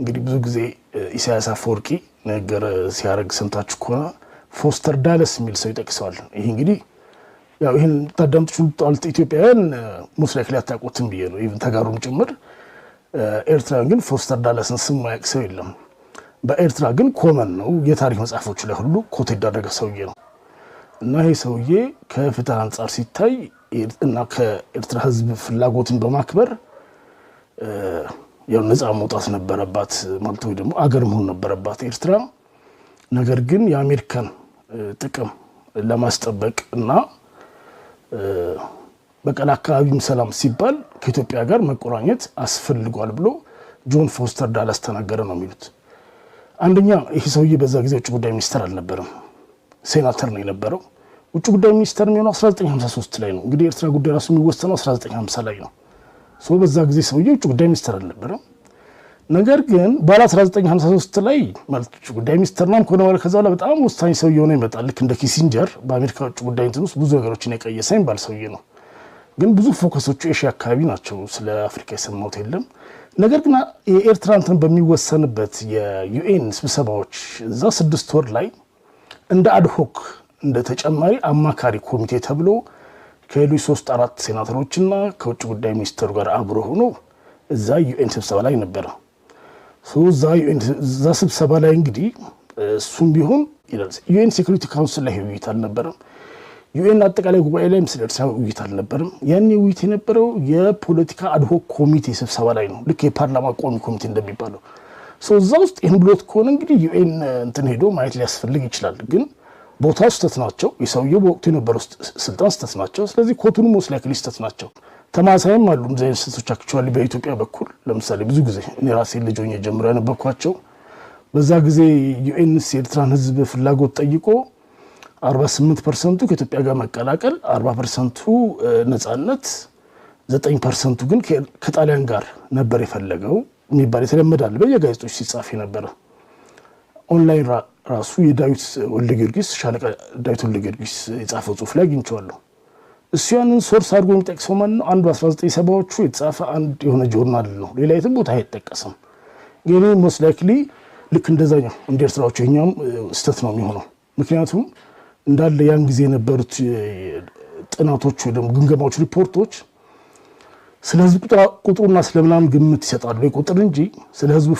እንግዲህ ብዙ ጊዜ ኢሳያስ አፈወርቂ ነገር ሲያደርግ ሰምታችሁ ከሆነ ፎስተር ዳለስ የሚል ሰው ይጠቅሰዋል። ይህ እንግዲህ ያው ይህን ታዳምጦች ጣሉት ኢትዮጵያውያን ሙስ ላይ ብዬ ነው ኢቭን ተጋሩም ጭምር ኤርትራውያን ግን ፎስተር ዳለስን ስም ማያቅ ሰው የለም። በኤርትራ ግን ኮመን ነው። የታሪክ መጽሐፎች ላይ ሁሉ ኮት ይዳረገ ሰውዬ ነው እና ይሄ ሰውዬ ከፍትህ አንጻር ሲታይ እና ከኤርትራ ህዝብ ፍላጎትን በማክበር ያው ነፃ መውጣት ነበረባት ማለት ወይ ደግሞ አገር መሆን ነበረባት ኤርትራ። ነገር ግን የአሜሪካን ጥቅም ለማስጠበቅ እና በቀል አካባቢም ሰላም ሲባል ከኢትዮጵያ ጋር መቆራኘት አስፈልጓል ብሎ ጆን ፎስተር ዳላስ ተናገረ ነው የሚሉት። አንደኛ ይህ ሰውዬ በዛ ጊዜ ውጭ ጉዳይ ሚኒስትር አልነበረም፣ ሴናተር ነው የነበረው። ውጭ ጉዳይ ሚኒስትር የሚሆነው 1953 ላይ ነው። እንግዲህ ኤርትራ ጉዳይ ራሱ የሚወሰነው 1950 ላይ ነው። ሰው በዛ ጊዜ ሰውየው ውጭ ጉዳይ ሚኒስትር አልነበረም። ነገር ግን በ1953 ላይ ማለት ውጭ ጉዳይ ሚኒስትር ናም ከሆነ በኋላ ከዛ በኋላ በጣም ወሳኝ ሰው የሆነ ይመጣል። ልክ እንደ ኪሲንጀር በአሜሪካ ውጭ ጉዳይ እንትን ውስጥ ብዙ ነገሮችን የቀየሰ የሚባል ሰውዬ ነው። ግን ብዙ ፎከሶቹ ኤሽያ አካባቢ ናቸው። ስለ አፍሪካ የሰማሁት የለም። ነገር ግን የኤርትራ እንትን በሚወሰንበት የዩኤን ስብሰባዎች እዛ ስድስት ወር ላይ እንደ አድሆክ እንደ ተጨማሪ አማካሪ ኮሚቴ ተብሎ ከሌሎች ሶስት አራት ሴናተሮችና ከውጭ ጉዳይ ሚኒስትሩ ጋር አብሮ ሆኖ እዛ ዩኤን ስብሰባ ላይ ነበረ። እዛ ስብሰባ ላይ እንግዲህ እሱም ቢሆን ይላል ዩኤን ሴኩሪቲ ካውንስል ላይ ውይይት አልነበረም። ዩኤን አጠቃላይ ጉባኤ ላይ ምስል ኤርትራ ውይይት አልነበረም። ያኔ ውይይት የነበረው የፖለቲካ አድሆክ ኮሚቴ ስብሰባ ላይ ነው። ልክ የፓርላማ ቋሚ ኮሚቴ እንደሚባለው እዛ ውስጥ ይህን ብሎት ከሆነ እንግዲህ ዩኤን እንትን ሄዶ ማየት ሊያስፈልግ ይችላል ግን ቦታ ስህተት ናቸው። የሰውየው በወቅቱ የነበረው ስልጣን ስህተት ናቸው። ስለዚህ ኮቱን ሞስ ላይክሊ ስህተት ናቸው። ተማሳይም አሉ ዚህ አይነት ስህተቶች አክቹዋሊ በኢትዮጵያ በኩል ለምሳሌ ብዙ ጊዜ እኔ ራሴ ልጅ ጀምሮ ያነበኳቸው በዛ ጊዜ ዩኤንስ የኤርትራን ህዝብ ፍላጎት ጠይቆ 48 ፐርሰንቱ ከኢትዮጵያ ጋር መቀላቀል፣ 40 ፐርሰንቱ ነፃነት፣ 9 ፐርሰንቱ ግን ከጣሊያን ጋር ነበር የፈለገው የሚባል የተለመዳል በየጋዜጦች ሲጻፍ የነበረ ኦንላይን ራሱ የዳዊት ወልደ ጊዮርጊስ ሻለቃ ዳዊት ወልደ ጊዮርጊስ የጻፈው ጽሁፍ ላይ አግኝቼዋለሁ። እሱ ያንን ሶርስ አድርጎ የሚጠቅሰው ማን ነው? አንዱ 1970ዎቹ የተጻፈ አንድ የሆነ ጆርናል ነው። ሌላ የትም ቦታ አይጠቀስም። ግን ሞስት ላይክሊ ልክ እንደዛኛው እንደ ኤርትራዎቹ የኛም ስህተት ነው የሚሆነው። ምክንያቱም እንዳለ ያን ጊዜ የነበሩት ጥናቶች ወይ ደግሞ ግምገማዎች፣ ሪፖርቶች ስለ ህዝብ ቁጥሩና ስለምናምን ግምት ይሰጣሉ ቁጥር እንጂ ስለ ህዝቡ